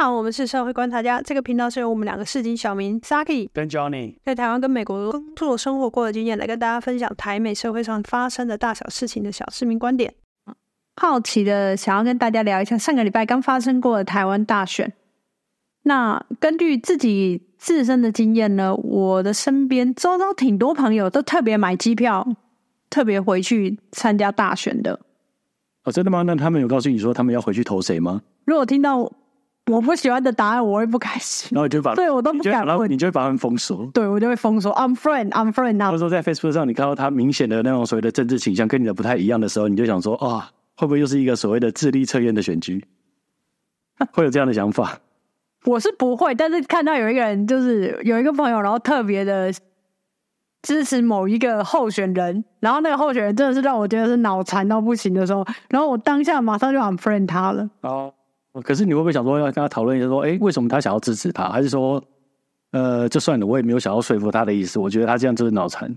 好，我們是社會觀察家。這個頻道是由我們兩個市井小民 Saki 跟 Johnny 在台灣跟美國工作生活過的經驗，來跟大家分享台美社會上發生的大小事情的小市民觀點。好，好奇的想要跟大家聊一下上個禮拜剛發生過的台灣大選。那根據自己自身的經驗呢，我的身邊周遭挺多朋友都特別買機票，特別回去參加大選的。哦，真的嗎？那他們有告訴你說他們要回去投誰嗎？如果聽到。我不喜歡的答案，我會不開心。然後你就把，對，我都不敢問，你就會把他們封鎖。對，我就會封鎖。I'm friend, I'm friend。然後說在 Facebook 上，你看到他明顯的那種所謂的政治傾向跟你的不太一樣的時候，你就想說啊、哦，會不會又是一個所謂的智力測驗的選舉？ 會有這樣的想法？我是不會，但是看到有一個人，就是有一個朋友，然後特別的支持某一個候選人，然後那個候選人真的是讓我覺得是腦殘到不行的時候，然後我當下馬上就 unfriend 他了。哦。Oh. 可是你會不會想說，要跟他討論一下，說，哎、欸，為什麼他想要支持他？還是說，呃，就算了，我也沒有想要說服他的意思。我覺得他這樣就是腦殘。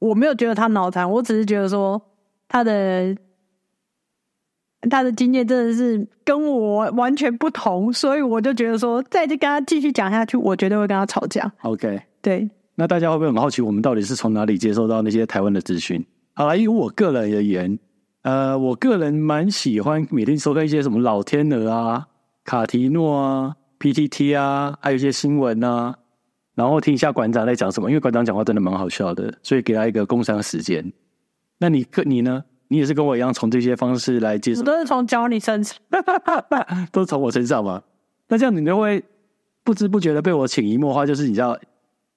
我沒有覺得他腦殘，我只是覺得說他，他的他的經驗真的是跟我完全不同，所以我就覺得說，再跟他繼續講下去，我絕對會跟他吵架。OK，對。那大家會不會很好奇，我們到底是從哪裡接收到那些台灣的資訊？好，來，以我個人而言。呃，我個人蠻喜歡每天收看一些什麼老天鵝啊、卡提諾啊、PTT 啊，還有一些新聞啊，然後聽一下館長在講什麼，因為館長講話真的蠻好笑的，所以給他一個工商時間。那你跟你呢？你也是跟我一樣，從這些方式來接收，我都是從 Johnny 身上，哈哈哈，都從我身上嘛。那這樣你就會不知不覺的被我潛移默化，就是你知道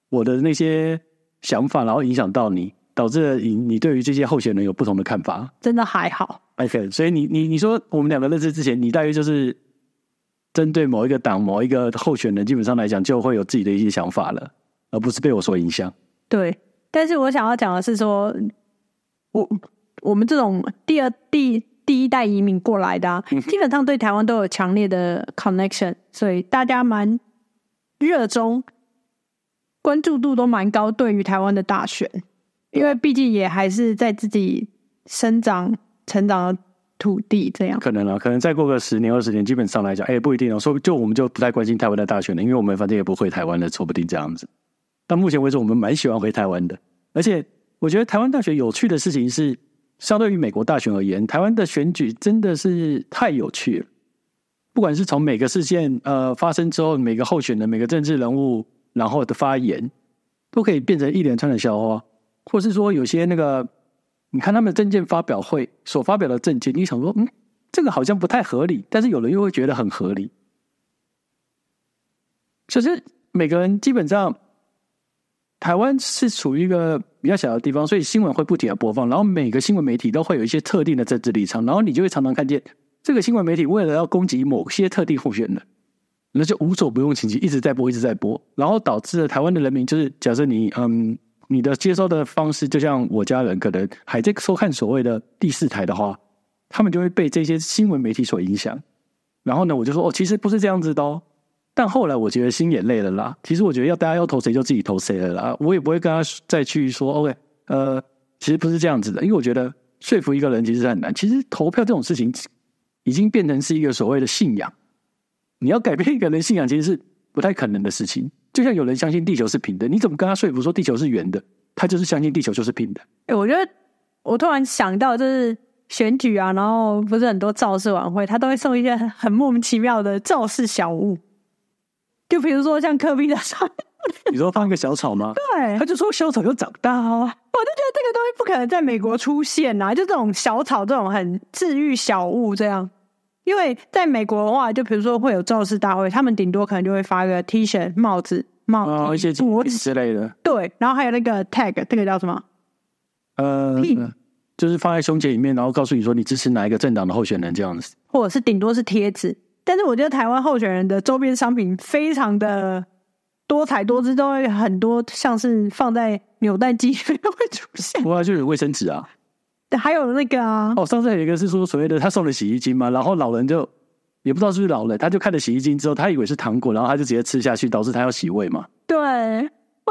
我的那些想法，然後影響到你。導致你你對於這些候選人有不同的看法，真的還好。Okay，所以你你你說我們兩個認識之前，你大約就是針對某一個黨某一個候選人，基本上來講就會有自己的一些想法了，而不是被我所影響。對，但是我想要講的是說，我我們這種第二第第一代移民過來的、啊，嗯、基本上對台灣都有強烈的 connection，所以大家蠻熱衷，關注度都蠻高，對於台灣的大選。因為畢竟也還是在自己生長、成長的土地，這樣可能啊，可能再過個十年、二十年，基本上來講，哎，不一定哦，說就我們就不太關心台灣的大選了，因為我們反正也不回台灣了，說不定這樣子。但目前為止，我們蠻喜歡回台灣的，而且我覺得台灣大選有趣的事情是，相對於美國大選而言，台灣的選舉真的是太有趣了。不管是從每個事件呃發生之後，每個候選的每個政治人物，然後的發言，都可以變成一連串的笑話。或是說有些那個，你看他們的政見發表會所發表的政見，你想說，嗯，這個好像不太合理，但是有人又會覺得很合理。其實每個人基本上，台灣是處於一個比較小的地方，所以新聞會不停的播放，然後每個新聞媒體都會有一些特定的政治立場，然後你就會常常看見這個新聞媒體為了要攻擊某些特定候選人，那就無所不用其極，一直在播，一直在播，然後導致了台灣的人民就是假設你嗯。你的接收的方式，就像我家人可能還在收看所謂的第四台的話，他們就會被這些新聞媒體所影響。然後呢，我就說哦，其實不是這樣子的哦。但後來我覺得心也累了啦。其實我覺得要大家要投誰就自己投誰了啦，我也不會跟他再去說。OK，呃，其實不是這樣子的，因為我覺得說服一個人其實很難。其實投票這種事情已經變成是一個所謂的信仰。你要改變一個人信仰，其實是不太可能的事情。就像有人相信地球是平的，你怎麼跟他說服說地球是圓的？他就是相信地球就是平的。哎、欸，我覺得我突然想到，就是選舉啊，然後不是很多造勢晚會，他都會送一些很，很莫名其妙的造勢小物，就比如說像科比的草， 你說放個小草嗎？ 對，他就說小草又長大啊，我就覺得這個東西不可能在美國出現啊！就這種小草，這種很治癒小物這樣。因為在美國的話，就比如說會有造勢大會，他們頂多可能就會發個 T 恤、帽子，帽子、哦、一些，一子之類的。對，然後還有那個 tag，這個叫什麼？呃，屁就是放在胸前裡面，然後告訴你說你支持哪一個政黨的候選人這樣子。或者是頂多是貼紙，但是我覺得台灣候選人的周邊商品非常的多彩多姿，都會很多，像是放在扭蛋機會，會出現，哇，就有衛生紙啊。還有那個啊，哦，上次有一個是說所謂的他送了洗衣精，嘛，然後老人就也不知道是不是老人，他就看了洗衣精之後，他以為是糖果，然後他就直接吃下去，導致他要洗胃嘛。對，我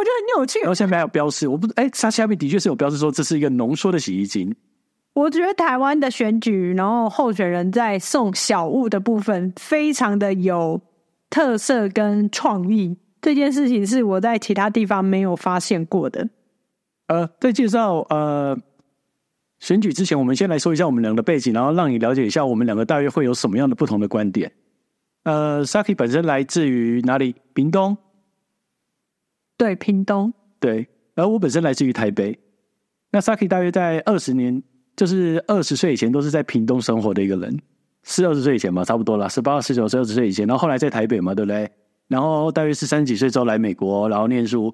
覺得很有趣。然後下面還有標識，我不哎，它、欸、下面的確是有標示說這是一個濃縮的洗衣精。我覺得台灣的選舉，然後候選人在送小物的部分，非常的有特色跟創意。這件事情是我在其他地方沒有發現過的。呃，在介紹呃。選舉之前，我們先來說一下我們兩個的背景，然後讓你了解一下我們兩個大約會有什麼樣的不同的觀點。呃，Saki 本身來自於哪裡？屏東。對，屏東。對，而我本身來自於台北。那 Saki 大約在二十年，就是二十歲以前都是在屏東生活的一個人，四二十歲以前嘛，差不多啦，十八、十九、二十歲以前，然後後來在台北嘛，對不對？然後大約是三十幾歲之後來美國，然後念書。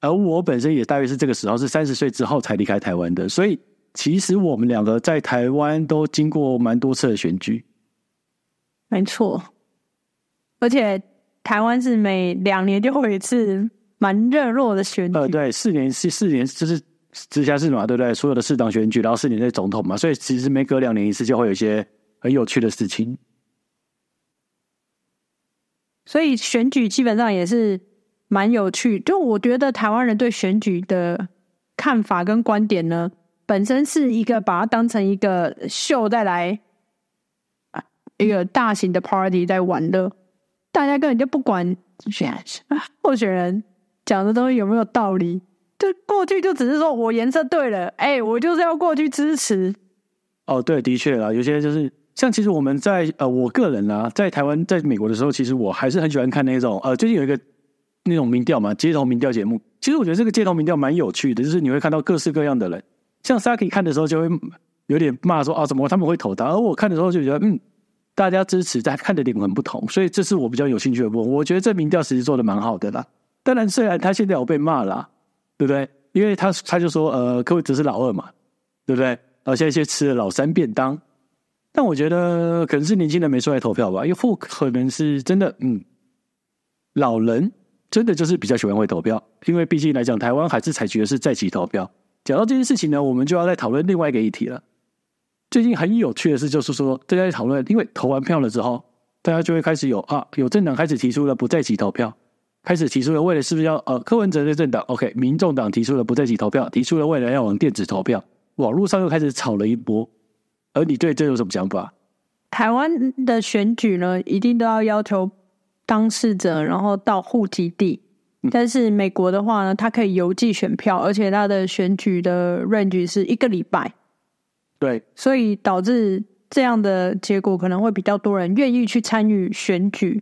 而我本身也大約是這個時候，是三十歲之後才離開台灣的，所以。其實我們兩個在台灣都經過蠻多次的選舉，沒錯，而且台灣是每兩年就會一次蠻熱絡的選舉。呃，對，四年是四,四年，就是直轄市嘛，對不對？所有的市長選舉，然後四年是總統嘛，所以其實每隔兩年一次就會有一些很有趣的事情。所以選舉基本上也是蠻有趣，就我覺得台灣人對選舉的看法跟觀點呢，本身是一個把它當成一個秀，再來一個大型的 party 在玩樂，大家根本就不管選候選人講的東西有沒有道理，就過去就只是說我顏色對了，哎，我就是要過去支持。哦，對，的確啦，有些就是像其實我們在呃我個人呢、啊，在台灣，在美國的時候，其實我還是很喜歡看那種呃最近有一個那種民調嘛，街頭民調節目，其實我覺得這個街頭民調蠻有趣的，就是你會看到各式各樣的人。S 像 Saki 看的時候就會有點罵說啊，怎麼他們會投他？而我看的時候就覺得，嗯，大家支持他，但看的點很不同，所以這是我比較有興趣的部分。我覺得這民調其實做的蠻好的啦。當然，雖然他現在有被罵了、啊，對不對？因為他他就說，呃，柯文哲是老二嘛，對不對？然後現在先吃了老三便當。但我覺得可能是年輕人沒出來投票吧，因為富可能是真的，嗯，老人真的就是比較喜歡會投票，因為畢竟來講，台灣還是採取的是在籍投票。講到這件事情呢，我們就要再討論另外一個議題了。最近很有趣的事就是說，大家討論，因為投完票了之後，大家就會開始有啊，有政黨開始提出了不在籍投票，開始提出了未來是不是要呃、啊，柯文哲的政黨，OK，民眾黨提出了不在籍投票，提出了未來要往電子投票，網絡上又開始炒了一波。而你對這有什麼想法？台灣的選舉呢，一定都要要求當事者然後到戶籍地。但是美國的話呢，它可以郵寄選票，而且它的選舉的 range 是一個禮拜，對，所以導致這樣的結果可能會比較多人願意去參與選舉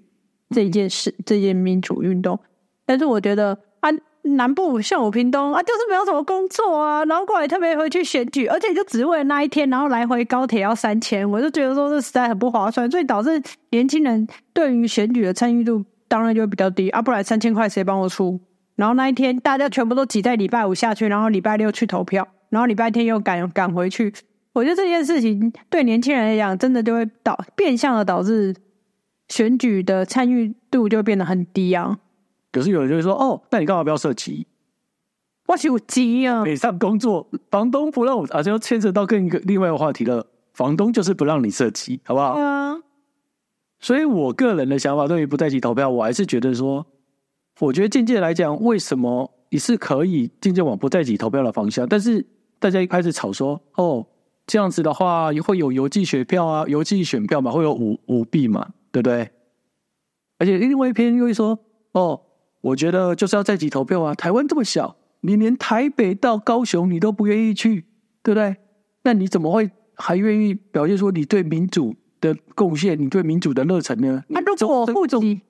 這一件事，嗯、這件民主運動。但是我覺得啊，南部像我屏東啊，就是沒有什麼工作啊，然後過來特別回去選舉，而且就只為了那一天，然後來回高鐵要三千，我就覺得說這實在很不划算，所以導致年輕人對於選舉的參與度。當然就會比較低，要、啊、不然三千塊誰幫我出？然後那一天大家全部都擠在禮拜五下去，然後禮拜六去投票，然後禮拜天又趕趕回去。我覺得這件事情對年輕人來講，真的就會導變相的導致選舉的參與度就會變得很低啊。可是有人就會說：“哦，那你幹嘛不要設籍？我設籍啊。”北上工作，房東不讓我，而且又牽扯到更一個另外一個話題了。房東就是不讓你設籍，好不好？對啊。所以我個人的想法，對於不在籍投票，我還是覺得說，我覺得間接來講，為什麼你是可以漸漸往不在籍投票的方向？但是大家一開始吵說，哦，這樣子的話，會有郵寄選票啊，郵寄選票嘛，會有舞舞弊嘛，對不對？而且另外一邊又會說，哦，我覺得就是要在籍投票啊，台灣這麼小，你連台北到高雄你都不願意去，對不對？那你怎麼會還願意表現說你對民主？的貢獻，你對民主的熱忱呢？那如果戶籍，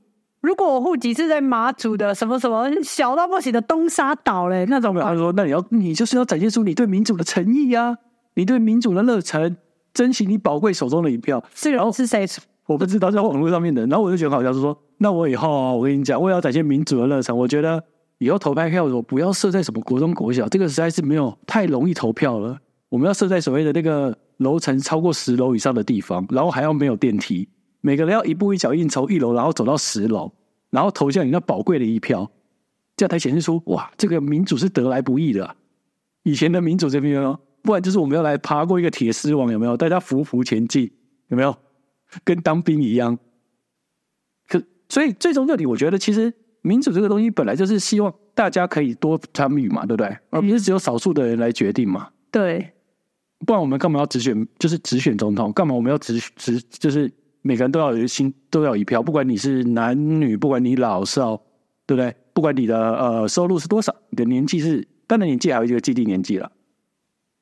如果我戶籍，走走籍是在馬祖的，什麼什麼小到不行的東沙島嘞，那種表他、啊、說，那你要你就是要展現出你對民主的誠意啊，你對民主的熱誠，珍惜你寶貴手中的一票。然哦，是誰？我不知道，在網絡上面的。然後我就覺得好像是說，那我以後啊，我跟你講，我也要展現民主的熱誠，我覺得以後投拍票的時候，不要設在什麼國中、國小，這個實在是沒有太容易投票了。我們要設在所謂的那個樓層超過十樓以上的地方，然後還要沒有電梯，每個人要一步一腳印從一樓，然後走到十樓，然後投下你那寶貴的一票，這樣才顯示出哇，這個民主是得來不易的啊。以前的民主這邊，不然就是我們要來爬過一個鐵絲網，有沒有？大家匍匐前進，有沒有？跟當兵一樣。可所以，最終這裡我覺得其實民主這個東西本來就是希望大家可以多參與嘛，對不對？而不是只有少數的人來決定嘛？對。不然我們幹嘛要直選？就是直選總統？幹嘛我們要直直？就是每個人都要有一心，都要有一票。不管你是男女，不管你老少，對不對？不管你的呃收入是多少，你的年紀是當然年紀還有一個既定年紀了。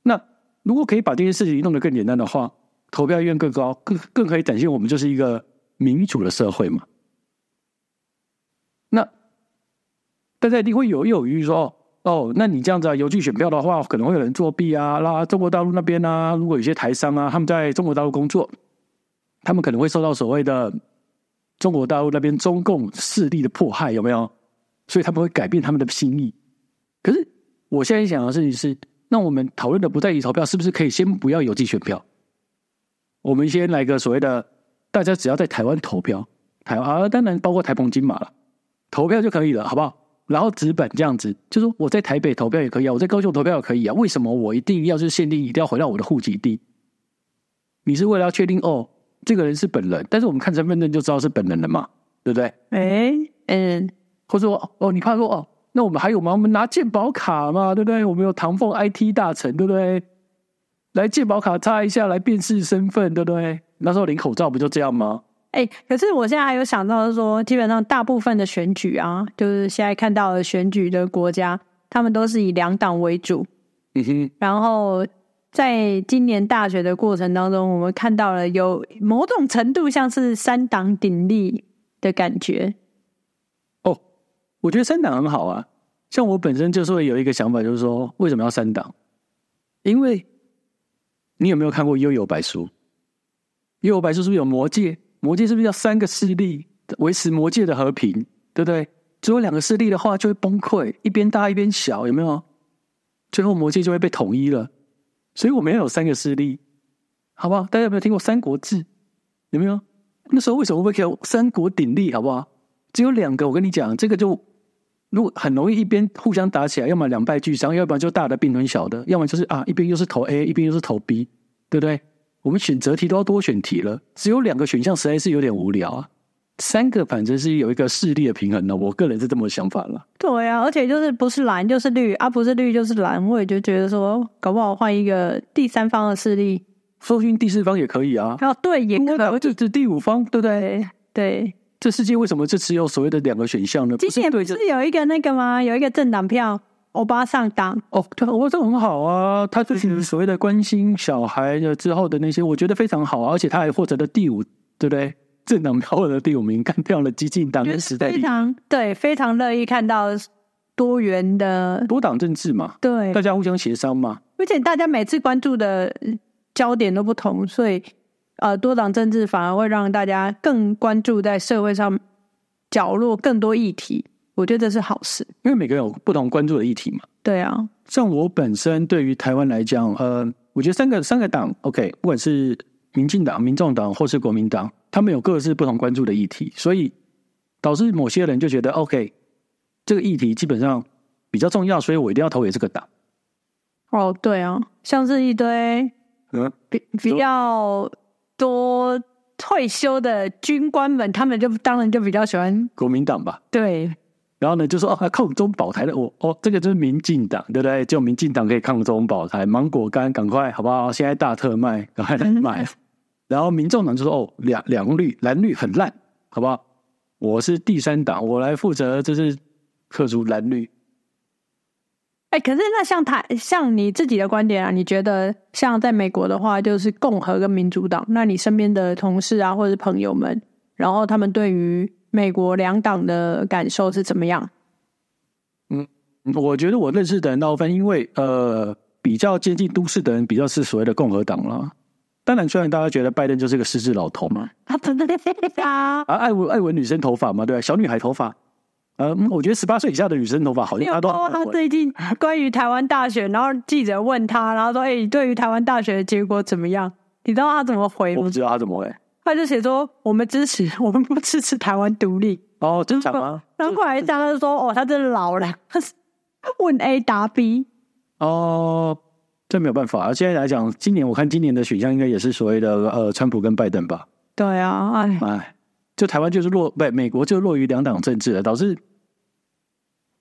那如果可以把這件事情弄得更簡單的話，投票意願更高，更更可以展現我們就是一個民主的社會嘛？那大家一定會猶猶豫豫說哦。哦，oh，那你這樣子啊，郵寄選票的話，可能會有人作弊啊，啦，中國大陸那邊啊，如果有些台商啊，他們在中國大陸工作，他們可能會受到所謂的中國大陸那邊中共勢力的迫害，有沒有？所以他們會改變他們的心意。可是我現在想的事情是，那我們討論的不在意投票，是不是可以先不要郵寄選票？我們先來個所謂的，大家只要在台灣投票，台灣、啊、當然包括台澎金馬了，投票就可以了，好不好？然後紙本這樣子，就說我在台北投票也可以啊，我在高雄投票也可以啊，為什麼我一定要是限定一定要回到我的戶籍地？你是為了要確定哦，這個人是本人，但是我們看身份證就知道是本人了嘛，對不對？哎、欸，嗯、欸，或者說哦，你怕說哦，那我們還有嗎？我們拿健保卡嘛，對不對？我們有唐鳳 IT 大臣，對不對？來健保卡插一下，來辨識身份，對不對？那時候領口罩不就這樣嗎？哎、欸，可是我現在還有想到說，基本上大部分的選舉啊，就是現在看到的選舉的國家，他們都是以兩黨為主。嗯、哼然後，在今年大學的過程當中，我們看到了有某種程度像是三黨鼎立的感覺。哦，我覺得三黨很好啊，像我本身就是會有一個想法，就是說為什麼要三黨？因為你有沒有看過《悠悠白書》？《悠悠白書》是不是有魔界？魔界是不是要三個勢力維持魔界的和平，對不對？只有兩個勢力的話就會崩潰，一邊大一邊小，有沒有？最後魔界就會被統一了。所以我們要有三個勢力，好不好？大家有沒有聽過《三國志》？有沒有？那時候為什麼會開三國鼎立？好不好？只有兩個，我跟你講，這個就如果很容易一邊互相打起來，要麼兩敗俱傷，要不然就大的併吞小的，要麼就是啊一邊又是投 A 一邊又是投 B，對不對？我們選擇題都要多選題了，只有兩個選項實在是有點無聊啊。三個反正是有一個勢力的平衡呢、啊，我個人是這麼想法了。對啊，而且就是不是藍就是綠啊，不是綠就是藍，我也就覺得說，搞不好換一個第三方的勢力，說不定第四方也可以啊。哦，對，也可,為可以，這這第五方對不對？對。這世界為什麼這只有所謂的兩個選項呢？不是今年不是有一個那個嗎？有一個政黨票。歐巴桑黨哦，他歐巴桑很好啊，他之前所謂的關心小孩的之後的那些，嗯、哼我覺得非常好啊，而且他還獲得了第五，對不對？政黨票的第五名，幹掉了激進黨的時代。非常對，非常樂意看到多元的多黨政治嘛，對，大家互相協商嘛，而且大家每次關注的焦點都不同，所以呃，多黨政治反而會讓大家更關注在社會上角落更多議題。我覺得是好事，因為每個人有不同關注的議題嘛。對啊，像我本身對於台灣來講，呃，我覺得三個三個黨，OK，不管是民進黨、民眾黨或是國民黨，他們有各自不同關注的議題，所以導致某些人就覺得，OK，這個議題基本上比較重要，所以我一定要投給這個黨。哦，對啊，像是一堆嗯，比比較多退休的軍官們，他們就當然就比較喜歡國民黨吧？對。然後呢，就說哦、啊，抗中保台的哦哦，這個就是民進黨，對不對？就民進黨可以抗中保台。芒果乾，趕快，好不好？現在大特賣，趕快來賣。 然後民眾黨就說哦，兩兩綠藍綠很爛，好不好？我是第三黨，我來負責，就是克除藍綠。哎、欸，可是那像台像你自己的觀點啊？你覺得像在美國的話，就是共和跟民主黨？那你身邊的同事啊，或者朋友們，然後他們對於美國兩黨的感受是怎麼樣？嗯，我覺得我認識的人倒分，因為呃，比較接近都市的人，比較是所謂的共和黨了。當然，雖然大家覺得拜登就是個失智老頭嘛， 啊，愛聞愛聞女生頭髮嘛，對、啊，小女孩頭髮。嗯，我覺得十八歲以下的女生頭髮好靚。他說他最近關於台灣大選，然後記者問他，然後說：“哎、欸，對於台灣大選的結果怎麼樣？”你知道他怎麼回嗎？我不知道他怎麼回。他就寫說：“我們支持，我們不支持台灣獨立。”哦，真的嗎？然後過來一張，他就說：“哦，他真的老了。”他是問 A 答 B。哦，這沒有辦法。而現在來講，今年我看今年的選項應該也是所謂的呃，川普跟拜登吧。對啊，哎，哎就台灣就是落被美國就落於兩黨政治了，導致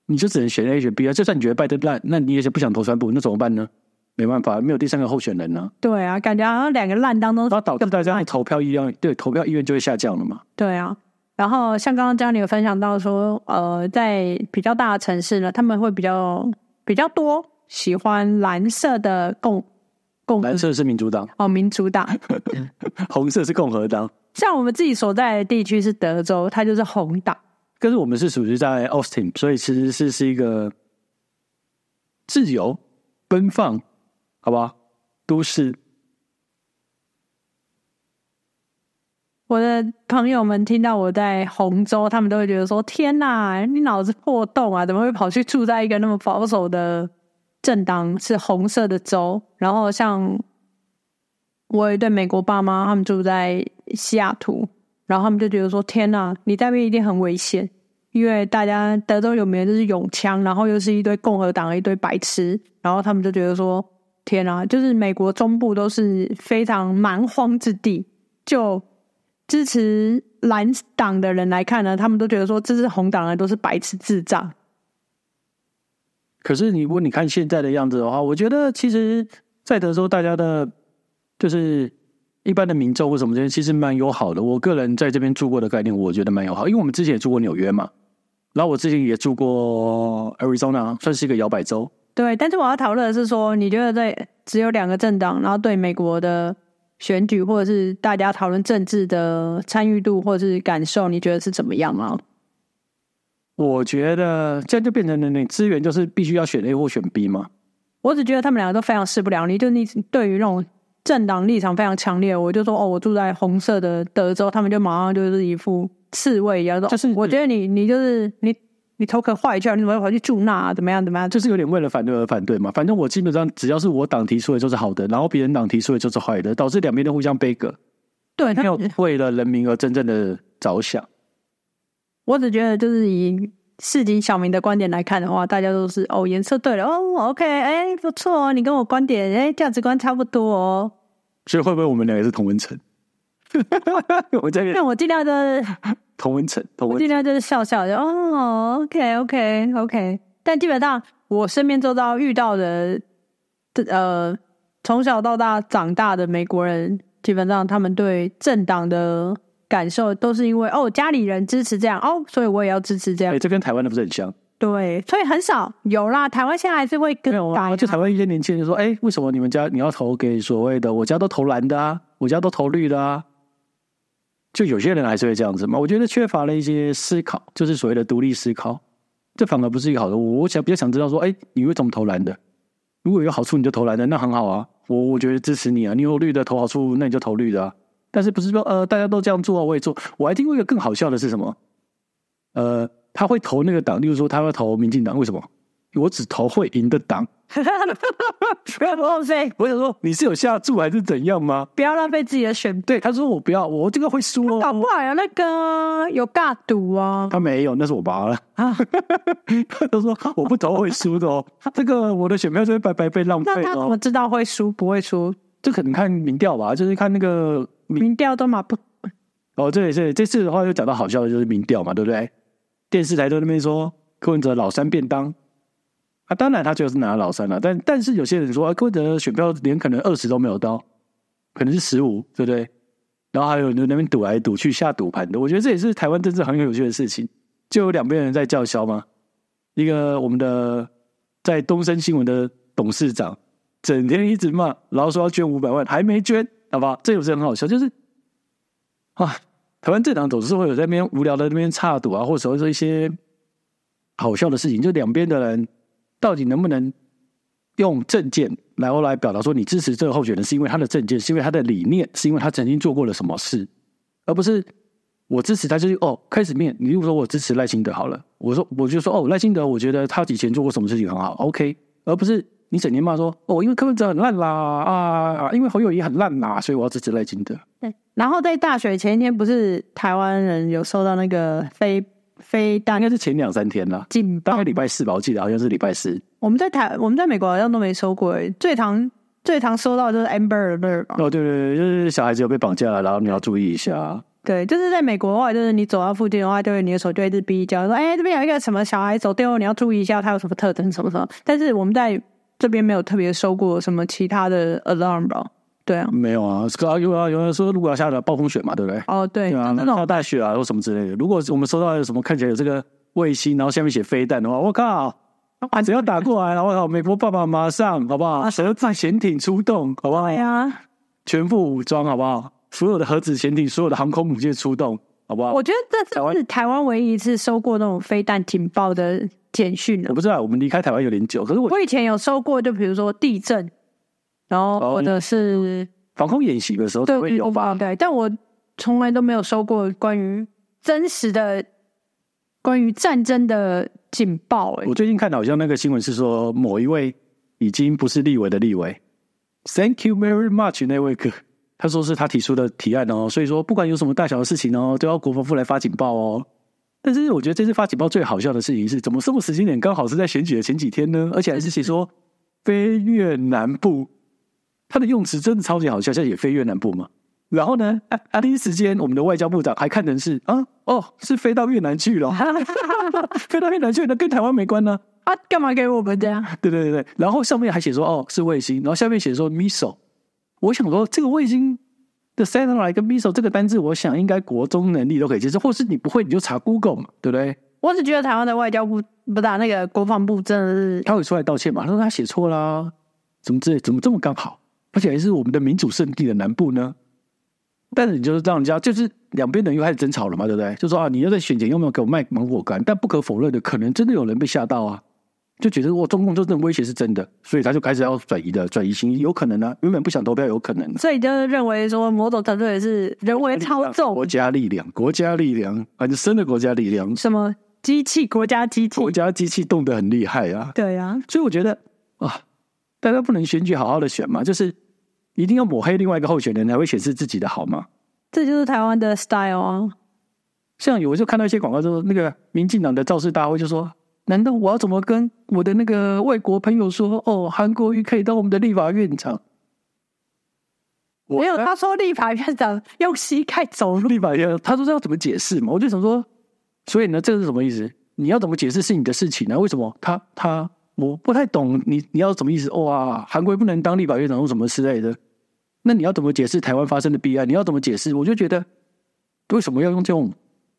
你就只能選 A 選 B 啊。就算你覺得拜登爛，那你也是不想投川普，那怎麼辦呢？沒辦法，沒有第三個候選人呢、啊。對啊，感覺好像兩個爛當中，然後導致大家投票意願，對，投票意願就會下降了嘛。對啊，然後像剛剛教你有分享到說，呃，在比較大的城市呢，他們會比較比較多喜歡藍色的共共，藍色是民主黨，哦，民主黨， 紅色是共和黨。像我們自己所在的地區是德州，它就是紅黨，可是我們是屬於在 Austin，所以其實是是一個自由奔放。好不好？都市。我的朋友們聽到我在紅州，他們都會覺得說：“天哪，你腦子破洞啊！怎麼會跑去住在一個那麼保守的、政黨，是紅色的州？”然後像我有一對美國爸媽，他們住在西雅圖，然後他們就覺得說：“天哪，你在那邊一定很危險，因為大家德州有名的就是用槍，然後又是一堆共和黨一堆白痴。”然後他們就覺得說。天啊，就是美國中部都是非常蠻荒之地。就支持藍黨的人來看呢，他們都覺得說，支持紅黨的人都是白痴、智障。可是你如果你看現在的樣子的話，我覺得其實，在德州大家的，就是一般的民眾或什麼這些，其實蠻友好的。我個人在這邊住過的概念，我覺得蠻友好，因為我們之前也住過紐約嘛。然後我之前也住過 Arizona，算是一個搖擺州。對，但是我要討論的是說，你覺得在只有兩個政黨，然後對美國的選舉或者是大家討論政治的參與度或者是感受，你覺得是怎麼樣啊？我覺得這樣就變成了你資源就是必須要選 A 或選 B 嗎？我只覺得他們兩個都非常勢不兩立。你就你對於那種政黨立場非常強烈，我就說哦，我住在紅色的德州，他們就馬上就是一副刺蝟一樣。就是、就是、我覺得你你就是你。你頭殼壞掉，你怎麼會跑去住那、啊？怎麼樣？怎麼樣？就是有點為了反對而反對嘛。反正我基本上只要是我黨提出的，就是好的；然後別人黨提出的，就是壞的，導致兩邊都互相背鍋。對，沒有為了人民而真正的着想。我只覺得，就是以市井小民的觀點來看的話，大家都是哦，顏色對了哦，OK，哎、欸，不錯哦，你跟我觀點哎、欸，價值觀差不多哦。所以會不會我們倆也是同溫層？ 我這邊那我儘量就是 同溫層，同文我儘量就是笑笑就哦，OK OK OK。但基本上我身邊周遭遇到的，呃，從小到大長大的美國人，基本上他們對政黨的感受都是因為哦，家裡人支持這樣哦，所以我也要支持這樣。哎、欸，這跟台灣的不是很像？對，所以很少有啦。台灣現在還是會跟我、啊啊、就台灣一些年輕人就說：“哎、欸，為什麼你們家你要投給所謂的？我家都投藍的啊，我家都投綠的啊。”就有些人還是會這樣子嘛，我覺得缺乏了一些思考，就是所謂的獨立思考，這反而不是一個好的，我我比較想知道說，哎，你為什麼投藍的？如果有好處你就投藍的，那很好啊，我我覺得支持你啊，你有綠的投好處，那你就投綠的啊。但是不是說呃大家都這樣做啊？我也做。我還聽過一個更好笑的是什麼？呃，他會投那個黨，例如說他會投民進黨，為什麼？我只投會贏的黨。 不要浪費！我想說，你是有下注還是怎樣嗎？不要浪費自己的選票。對，他說我不要，我這個會輸、喔，搞不好有、啊、那個有尬賭啊、喔。他沒有，那是我爸了啊。 他說我不走會輸的哦、喔，這個我的選票就會白白被浪費、喔。那他怎麼知道會輸不會輸？這可能看民調吧，就是看那個民調都買不。哦，對對，這次的話又講到好笑的就是民調嘛，對不對？電視台都那邊說柯文哲老三便當。啊、當然，他就是拿老三了、啊。但但是有些人說，啊，柯文哲的選票連可能二十都沒有到，可能是十五，對不對？然後還有人就那邊賭來賭去下賭盤的，我覺得這也是台灣政治很有趣的事情。就有兩邊人在叫囂嘛？一個我們的在東森新聞的董事長，整天一直罵，然後說要捐五百萬，還沒捐，好不好？這也不是很好笑，就是啊，台灣政黨總是會有在那邊無聊的那邊插賭啊，或者說一些好笑的事情，就兩邊的人。到底能不能用政見來來表達說，你支持這個候選人，是因為他的政見，是因為他的理念，是因為他曾經做過了什麼事，而不是我支持他就是哦開始面。你如果說我支持賴清德好了，我說我就說哦賴清德，我覺得他以前做過什麼事情很好，OK，而不是你整天罵說哦因為柯文哲很爛啦啊啊、啊，因為侯友宜很爛啦，所以我要支持賴清德。對，然後在大選前一天，不是台灣人有收到那個飛。飛彈，應該是前兩三天了，緊張。大概禮拜四吧，我記得好像是禮拜四。我們在台，我們在美國好像都沒收過、欸，最常最常收到的就是 Amber Alert 吧。哦，oh, 對對對，就是小孩子有被綁架了，然後你要注意一下。對，就是在美國的話，就是你走到附近的話，就是你的手就會一直嗶叫，說：“哎、欸，這邊有一個什麼小孩走丟，你要注意一下，他有什麼特徵，什麼什麼。”但是我們在這邊沒有特別收過什麼其他的 alarm 吧。對、啊，沒有啊，可能有啊，有人說如果要下的暴風雪嘛，對不對？哦，對，對啊，那，那種大雪啊，或什麼之類的。如果我們收到有什麼看起來有這個衛星，然後下面寫飛彈的話，我靠！啊，只要打過來了，我靠，美國爸爸馬上，好不好？啊，誰要在潛艇出動，好不好？呀，啊，全副武裝，好不好？所有的核子潛艇，所有的航空母艦出動，好不好？我覺得這是台灣唯一一次收過那種飛彈警報的簡訊。我不知道，我們離開台灣有點久，可是我我以前有收過，就比如說地震。然後我的、哦，或者是防空演習的時候都會有吧。對，但我從來都沒有收過關於真實的、關於戰爭的警報。哎，我最近看到好像那個新聞是說，某一位已經不是立委的立委，Thank you very much 那位哥，他說是他提出的提案哦。所以說，不管有什麼大小的事情哦，都要國防部來發警報哦。但是我覺得這次發警報最好笑的事情是，怎麼這麼時間點剛好是在選舉的前幾天呢？而且還是寫說 飛越南部。他的用詞真的超級好笑，像也飛越南部嘛。然後呢，啊，啊第一時間，我們的外交部長還看成是啊，哦，是飛到越南去了， 飛到越南去了，那跟台灣沒關呢？啊，幹、啊、嘛給我們這樣？對對對對。然後上面還寫說，哦，是衛星，然後下面寫說 missile。我想說，這個衛星的 satellite 跟 missile 這個單字，我想應該國中能力都可以接受，或是你不會你就查 Google 嘛，對不對？我只覺得台灣的外交部不大那個國防部，真的是他會出來道歉嘛？他說他寫錯啦，怎麼這怎麼這麼剛好？而且還是我們的民主聖地的南部呢，但是你就是這樣講，就是兩邊人又開始爭吵了嘛，對不對？就說啊，你要在選前有沒有給我賣芒果乾？但不可否認的，可能真的有人被嚇到啊，就覺得哇，中共就這種威脅是真的，所以他就開始要轉移的轉移心，有可能啊，原本不想投票，有可能、啊。所以就認為說，某種團隊是人為操縱，國家力量，國家力量反正生、啊、的國家力量，什麼機器，國家機器，國家機器動得很厲害啊，對啊，所以我覺得啊。大家不能選舉好好的選嘛，就是一定要抹黑另外一個候選人，才會顯示自己的好嗎？這就是台灣的 style 啊、哦！像有時候看到一些廣告說，說那個民進黨的造勢大會就說：“難道我要怎麼跟我的那個外國朋友說？哦，韓國瑜可以當我們的立法院長？”沒有，他說立法院長用膝蓋走路。立法院長，他說這要怎麼解釋嘛？我就想說，所以呢，這是什麼意思？你要怎麼解釋是你的事情呢？為什麼他他？我不太懂你你要什麼意思？哇，韓國不能當立法院長什麼之類的？那你要怎麼解釋台灣發生的弊案？你要怎麼解釋？我就覺得為什麼要用這種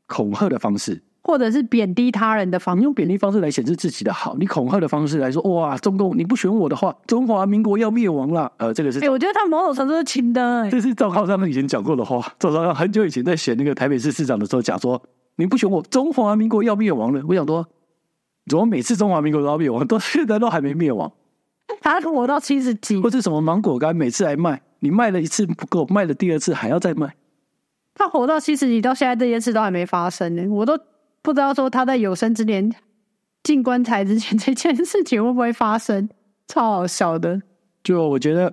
恐嚇的方式，或者是貶低他人的方式，用貶低方式來顯示自己的好？你恐嚇的方式來說，哇，中共，你不選我的話，中華民國要滅亡了。呃，這個是、欸、我覺得他某種程度是親的、欸。哎，這是趙少康他們以前講過的話。趙少康很久以前在選那個台北市市長的時候講說，你不選我，中華民國要滅亡了。我想說。怎麼每次中華民國都要滅亡，到現在都還沒滅亡？他活到七十幾，或是什麼芒果乾，每次還賣，你賣了一次不夠，賣了第二次還要再賣。他活到七十幾，到現在這件事都還沒發生呢、欸，我都不知道說他在有生之年進棺材之前，這件事情會不會發生？超好笑的。就我覺得，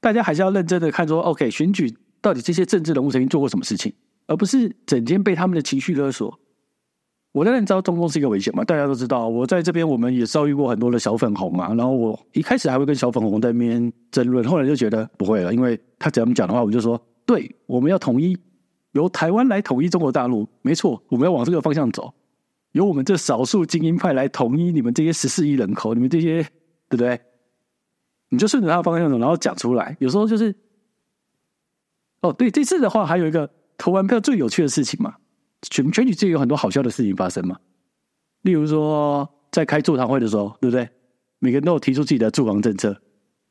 大家還是要認真的看說，OK，選舉到底這些政治人物曾經做過什麼事情，而不是整天被他們的情緒勒索。我當然知道中共是一個危險嘛？大家都知道。我在這邊我們也遭遇過很多的小粉紅嘛、啊。然後我一開始還會跟小粉紅在那邊爭論，後來就覺得不會了，因為他這樣講的話，我們就說對，我們要統一，由台灣來統一中國大陸，沒錯，我們要往這個方向走，由我們這少數精英派來統一你們這些十四億人口，你們這些對不對？你就順着他的方向走，然後講出來。有時候就是哦，對，這次的話還有一個投完票最有趣的事情嘛。全全舉自有很多好笑的事情發生嘛，例如說在開座談會的時候，對不對？每個人都有提出自己的住房政策，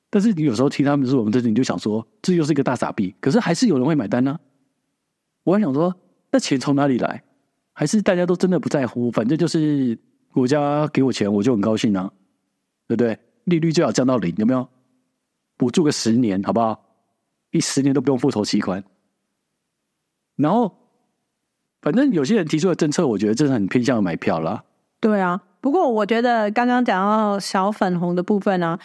但是你有時候聽他們說我們這些，你就想說這又是一個大傻逼。可是還是有人會買單呢、啊。我還想說，那錢從哪裡來？還是大家都真的不在乎？反正就是國家給我錢，我就很高興啊，對不對？利率最好降到零，有沒有？補助個十年好不好？一十年都不用付首期款，然後。反正有些人提出的政策，我覺得這是很偏向買票啦。對啊，不過我覺得剛剛講到小粉紅的部分呢、啊，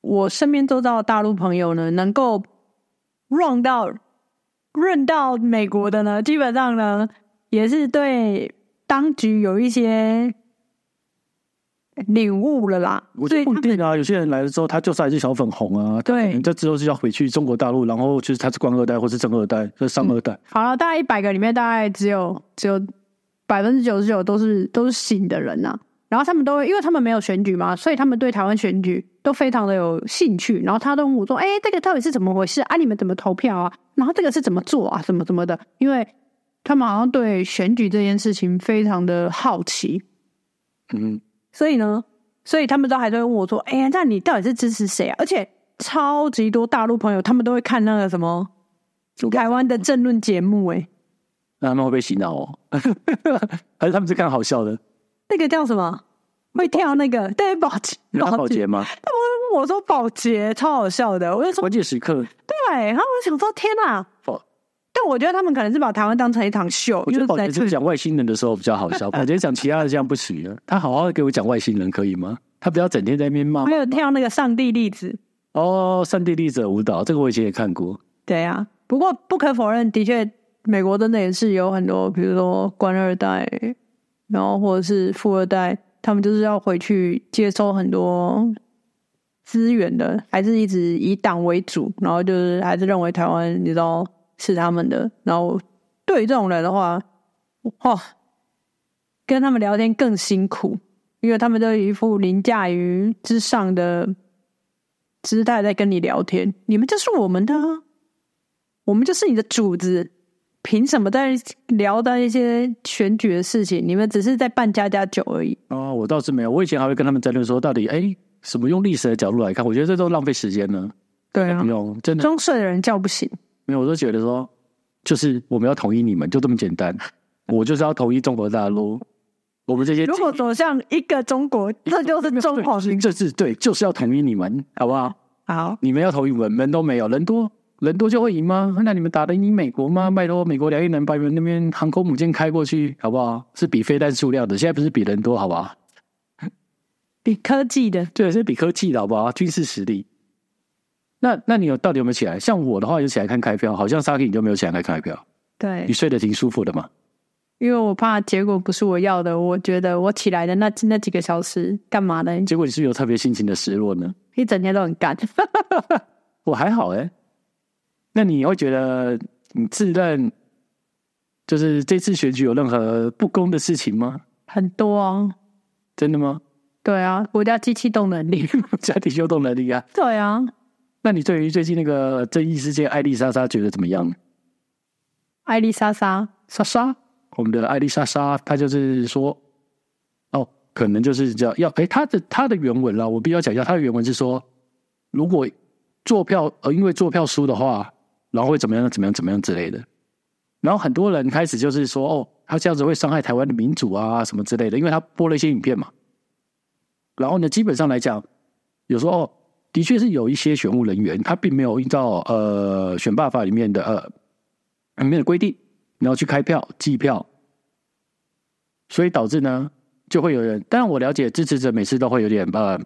我身邊周遭大陸朋友呢，能夠 run 到潤到美國的呢，基本上呢也是對當局有一些。領悟了啦，我就不定啊。有些人來了之後，他就算是一隻小粉紅啊。對，這之後是要回去中國大陸，然後其實他是官二代，或是政二代，或是商二代。嗯、好了，大概一百個裡面，大概只有只有百分之九十九都是都是醒的人吶、啊。然後他們都會因為他們沒有選舉嘛，所以他們對台灣選舉都非常的有興趣。然後他都問我說：“哎、欸，這個到底是怎麼回事啊？你們怎麼投票啊？然後這個是怎麼做啊？什麼什麼的？因為他們好像對選舉這件事情非常的好奇。”嗯。所以呢，所以他們都還在問我說：“哎、欸、呀，那你到底是支持誰啊？”而且超級多大陸朋友，他們都會看那個什麼，台灣的政論節目、欸。哎，那他們會被洗腦哦， 還是他們是看好笑的？那個叫什麼？會跳那個保對保潔保潔嗎？他們問我說：“保潔超好笑的。”我就說：“關鍵時刻。對”對他們想說：“天哪、啊！”我覺得他們可能是把台灣當成一場秀，就是在講外星人的時候比較好笑，我覺得講其他的這樣不行了啊。他好好給我講外星人可以嗎？他不要整天在那邊罵。還有跳那個上帝粒子哦，上帝粒子的舞蹈，這個我以前也看過。對啊，不過不可否認，的確美國的那也是有很多，比如說官二代，然後或者是富二代，他們就是要回去接收很多資源的，還是一直以黨為主，然後就是還是認為台灣，你知道。是他們的，然後對於這種人的話，哇，跟他們聊天更辛苦，因為他們都有一副凌駕於之上的姿態在跟你聊天。你們就是我們的、啊，我們就是你的主子，憑什麼？在聊到一些選舉的事情，你們只是在辦家家酒而已。啊、哦，我倒是沒有，我以前還會跟他們爭論說，到底哎，什麼用歷史的角度來看，我覺得這都浪費時間呢。對啊，不用，真的，裝睡的人叫不醒。我都覺得說，就是我們要統一你們，就這麼簡單。我就是要統一中國大陸，我們這些如果走向一個中國，這就是中華。這、就是對，就是要統一你們，好不好？好，你們要統一我們，我們都沒有人多，人多就會贏嗎？那你們打得贏你美國嗎？拜託，美國兩億人，把你們那邊航空母艦開過去，好不好？是比飛彈數量的，現在不是比人多，好不好？比科技的，對，是比科技的，好不好？軍事實力。那那你有到底有沒有起來？像我的話有起來看開票，好像 Saki 你就沒有起來看開票。對，你睡得挺舒服的嘛。因為我怕結果不是我要的，我覺得我起來的那那幾個小時幹嘛呢？結果你是有特別心情的失落呢？一整天都很乾。 我還好哎、欸。那你會覺得你自認就是這次選舉有任何不公的事情嗎？很多、啊。哦，真的嗎？對啊，國家機器動能力， 家庭修動能力啊。對啊。那你對於最近那個爭議事件艾莉莎莎覺得怎麼樣？艾莉莎莎莎莎，我們的艾莉莎莎，她就是說，哦，可能就是叫要，哎，她的她的原文啦、啊，我必須要講一下，她的原文是說，如果作票，呃，因為作票輸的話，然後會怎麼樣？怎麼樣？怎麼樣之類的。然後很多人開始就是說，哦，她這樣子會傷害台灣的民主啊，什麼之類的，因為她播了一些影片嘛。然後呢，基本上來講，有時候哦。的確是有一些選務人員，他並沒有依照呃選罷法裡面的呃，裡面的規定，然後去開票計票，所以導致呢，就會有人。但我了解支持者每次都會有點呃，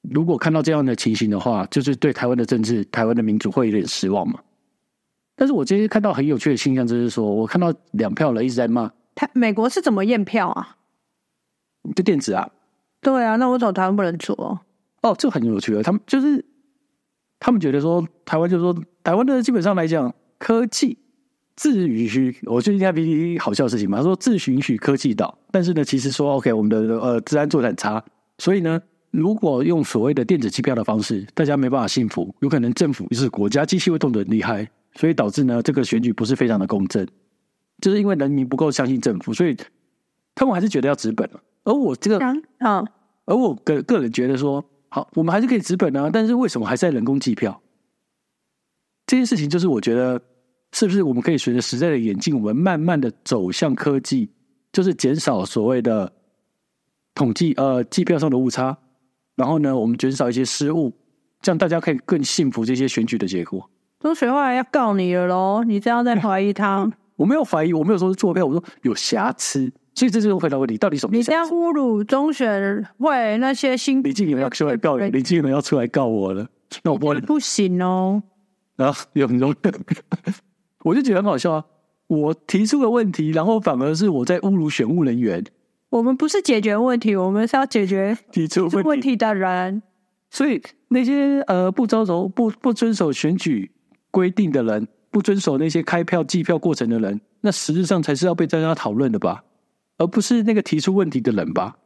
如果看到這樣的情形的話，就是對台灣的政治、台灣的民主會有點失望嘛。但是我今天看到很有趣的現象，就是說我看到兩票人一直在罵，美國是怎麼驗票啊？就電子啊？對啊，那我走台灣不能做，啊。哦，這很有趣啊！他們就是，他們覺得說台灣就是說台灣的基本上來講，科技自詡。我最近還有一好笑的事情嘛，他說自詡科技島，但是呢，其實說 OK，我們的呃治安做得很差，所以呢，如果用所謂的電子機票的方式，大家沒辦法信服，有可能政府就是國家機器會動得很厲害，所以導致呢這個選舉不是非常的公正，就是因為人民不夠相信政府，所以他們還是覺得要紙本，而我這個啊，哦、而我個個人覺得說。好，我們還是可以紙本啊，但是為什麼還是在人工計票？這件事情就是我覺得，是不是我們可以隨着時代的演進，我們慢慢的走向科技，就是減少所謂的統計呃計票上的誤差，然後呢，我們減少一些失誤，這樣大家可以更信服這些選舉的結果。中選會要告你了嘍，你這樣在懷疑他。嗯，我沒有懷疑，我沒有說是作票，我說有瑕疵。所以這就是回答問題，到底什麼？你這樣侮辱中選會那些辛苦，李進勇要出來告你，李進勇要出來告我了，那我不，不行哦。啊，有多、嗯嗯嗯嗯嗯、 我就覺得很好笑啊！我提出個問題，然後反而是我在侮辱選務人員。我們不是解決問題，我們是要解決提出問題的人。所以那些呃不遵守、不不遵守選舉規定的人，不遵守那些開票計票過程的人，那實質上才是要被大家討論的吧？而不是那個提出問題的人吧，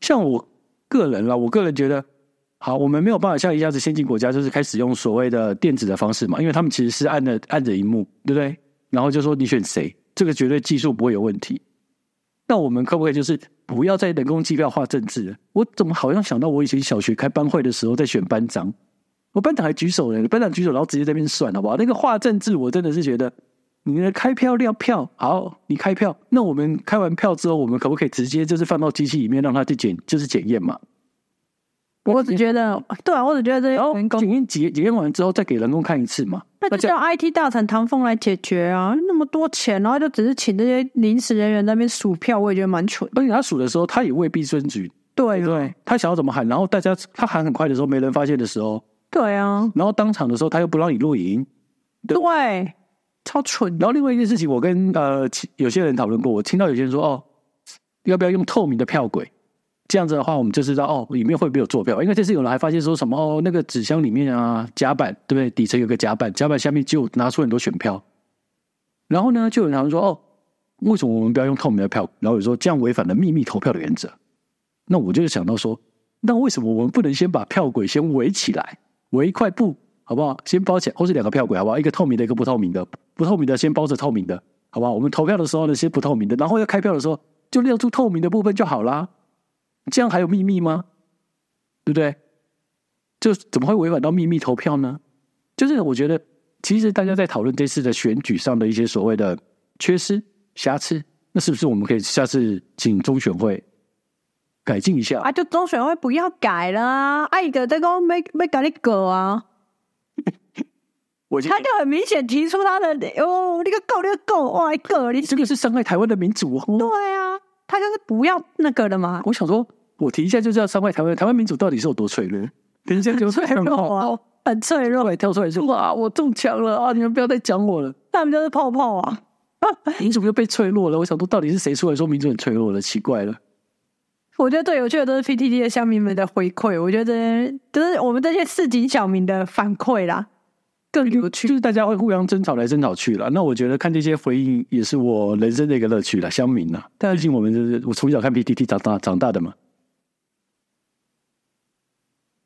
像我個人啦，我個人覺得，好，我們沒有辦法像一下子先進國家，就是開始用所謂的電子的方式嘛，因為他們其實是按着按着熒幕，對不對？然後就說你選誰，這個絕對技術不會有問題。那我們可不可以就是不要再人工計票畫正字了？我怎麼好像想到我以前小學開班會的時候在選班長，我班長還舉手呢，班長舉手，然後直接在那邊算好不好？那個畫正字，我真的是覺得。你的開票、亮票，好，你開票。那我們開完票之後，我們可不可以直接就是放到機器裡面，讓他去檢，就是檢驗嘛？我只覺得，嗯、對啊，我只覺得這些人工，哦，檢驗、檢檢驗完之後再給人工看一次嘛？那就叫 IT 大廠唐鳳來解決啊！家那麼多錢，然後就只是請這些臨時人員在那邊數票，我也覺得蠻蠢。而且他數的時候，他也未必遵循，對對，他想要怎麼喊，然後大家他喊很快的時候，沒人發現的時候，對啊。然後當場的時候，他又不讓你錄影，對。對。超蠢！然後另外一件事情，我跟呃有些人討論過，我聽到有些人說哦，要不要用透明的票櫃？這樣子的話，我們就知道哦，裡面會不會有作票？因為這次有人還發現說什麼哦，那個紙箱裡面啊，夾板，對不對？底層有個夾板，夾板下面就拿出很多選票。然後呢，就有人說哦，為什麼我們不要用透明的票？然後有說這樣違反了秘密投票的原則。那我就想到說，那為什麼我們不能先把票櫃先圍起來，圍一塊布？好不好？先包起來，或是兩個票櫃。好不好？一個透明的，一個不透明的。不透明的先包着，透明的，好不好？我們投票的時候呢，先不透明的，然後要開票的時候就亮出透明的部分就好啦。這樣還有秘密嗎？對不對？就怎麼會違反到秘密投票呢？就是我覺得，其實大家在討論這次的選舉上的一些所謂的缺失、瑕疵，那是不是我們可以下次請中選會改進一下？啊，就中選會不要改了，哎，個這個沒沒搞你搞啊！我他就很明顯提出他的哦，那個夠，那個夠，哇，夠！你這個是傷害台灣的民主哦。對啊，他就是不要那個了嘛。我想說，我提一下就知道傷害台灣，台灣民主到底是有多脆弱，等一下就，就脆弱，啊、然後很脆弱。就跳出來說哇，我中槍了啊！你們不要再講我了，他們就是泡泡啊。啊民主就被脆弱了。我想說，到底是誰出來說民主很脆弱了？奇怪了。我覺得對我覺得都是 PTT 的鄉民們的回饋，我覺得就是我們這些市井小民的反饋啦。更有趣，就是大家會互相爭吵來爭吵去了。那我覺得看這些回應也是我人生的一個樂趣了。鄉民呢，畢竟我們就是我從小看 PTT 長大長大的嘛。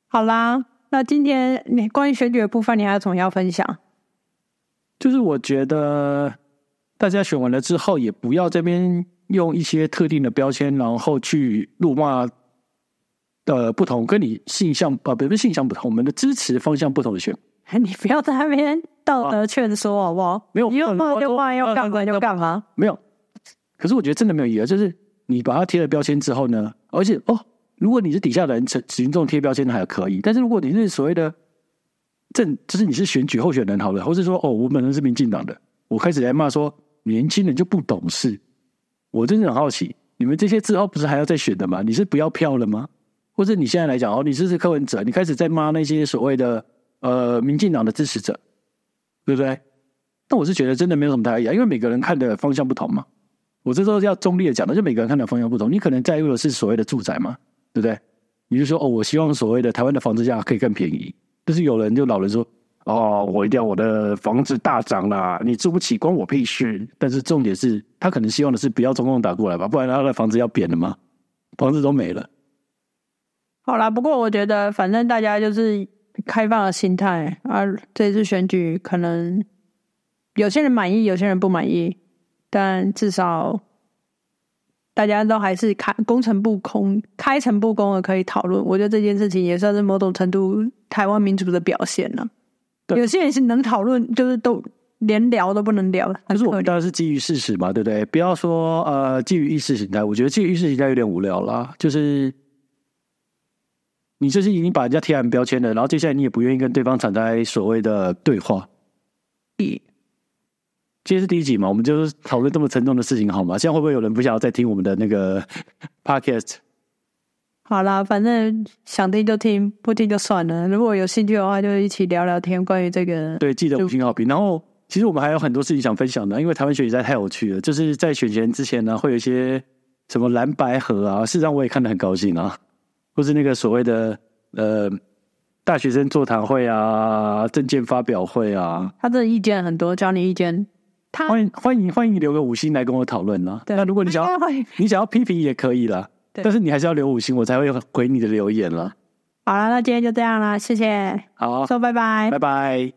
好啦，那今天你關於選舉的部分，你還有什麼要分享？就是我覺得大家選完了之後，也不要這邊用一些特定的標籤，然後去辱罵的不同跟你性向啊，不是性向不同，我們的支持方向不同的選。 你不要在那邊道德勸說好不好？沒有、啊，你要罵就罵，要槓就槓啊，啊。啊啊啊啊、沒有，可是我覺得真的沒有意義。就是你把它貼了標籤之後呢，而且哦，如果你是底下的人，群眾貼標籤還可以；但是如果你是所謂的政，就是你是選舉候選人，好了，或是說哦、喔，我本人是民進黨的，我開始來罵說年輕人就不懂事。我真的很好奇，你們這些之後、啊、不是還要再選的嗎？你是不要票了嗎？或者你現在來講哦，你是是柯文哲，你開始在罵那些所謂的。呃，民進黨的支持者，對不對？那我是覺得真的沒有什麼太大意義，因為每個人看的方向不同嘛。我這時候要中立的講，那就每個人看的方向不同。你可能在乎的是所謂的住宅嘛，對不對？你就說，哦，我希望所謂的台灣的房子價可以更便宜。但是有人就老人說，哦，我一定要我的房子大漲啦，你住不起，關我屁事。但是重點是，他可能希望的是不要中共打過來吧，不然他的房子要貶了嗎？房子都沒了。嗯、好啦，不過我覺得，反正大家就是。開放的心態啊，這次選舉可能有些人滿意，有些人不滿意，但至少大家都還是開公誠不公、開誠布公的可以討論。我覺得這件事情也算是某種程度台灣民主的表現了，啊。對有些人是能討論，就是都連聊都不能聊。但是我覺得是基於事實嘛，對不對？不要說呃基於意識形態，我覺得基於意識形態有點無聊啦，就是。你就是已經把人家貼上標籤了，然後接下來你也不願意跟對方敞開所謂的對話。第，這是第一集嘛？我們就是討論這麼沉重的事情，好嗎？現在會不會有人不想要再聽我們的那個 podcast？好啦，反正想聽就聽，不聽就算了。如果有興趣的話，就一起聊聊天關於這個。對，記得五星好評。然後，其實我們還有很多事情想分享的，因為台灣選舉實在太有趣了。就是在選舉之前呢，會有一些什麼藍白合啊，事實上我也看得很高興啊。或是那個所謂的呃大學生座談會啊，政見發表會啊，他的意見很多，教你意見。他歡迎歡迎歡迎留個五星來跟我討論啦。對，那如果你想要 你想要批評也可以啦，對但是你還是要留五星，我才會回你的留言啦。好啦，那今天就這樣啦，謝謝。好哦，說拜拜，拜拜。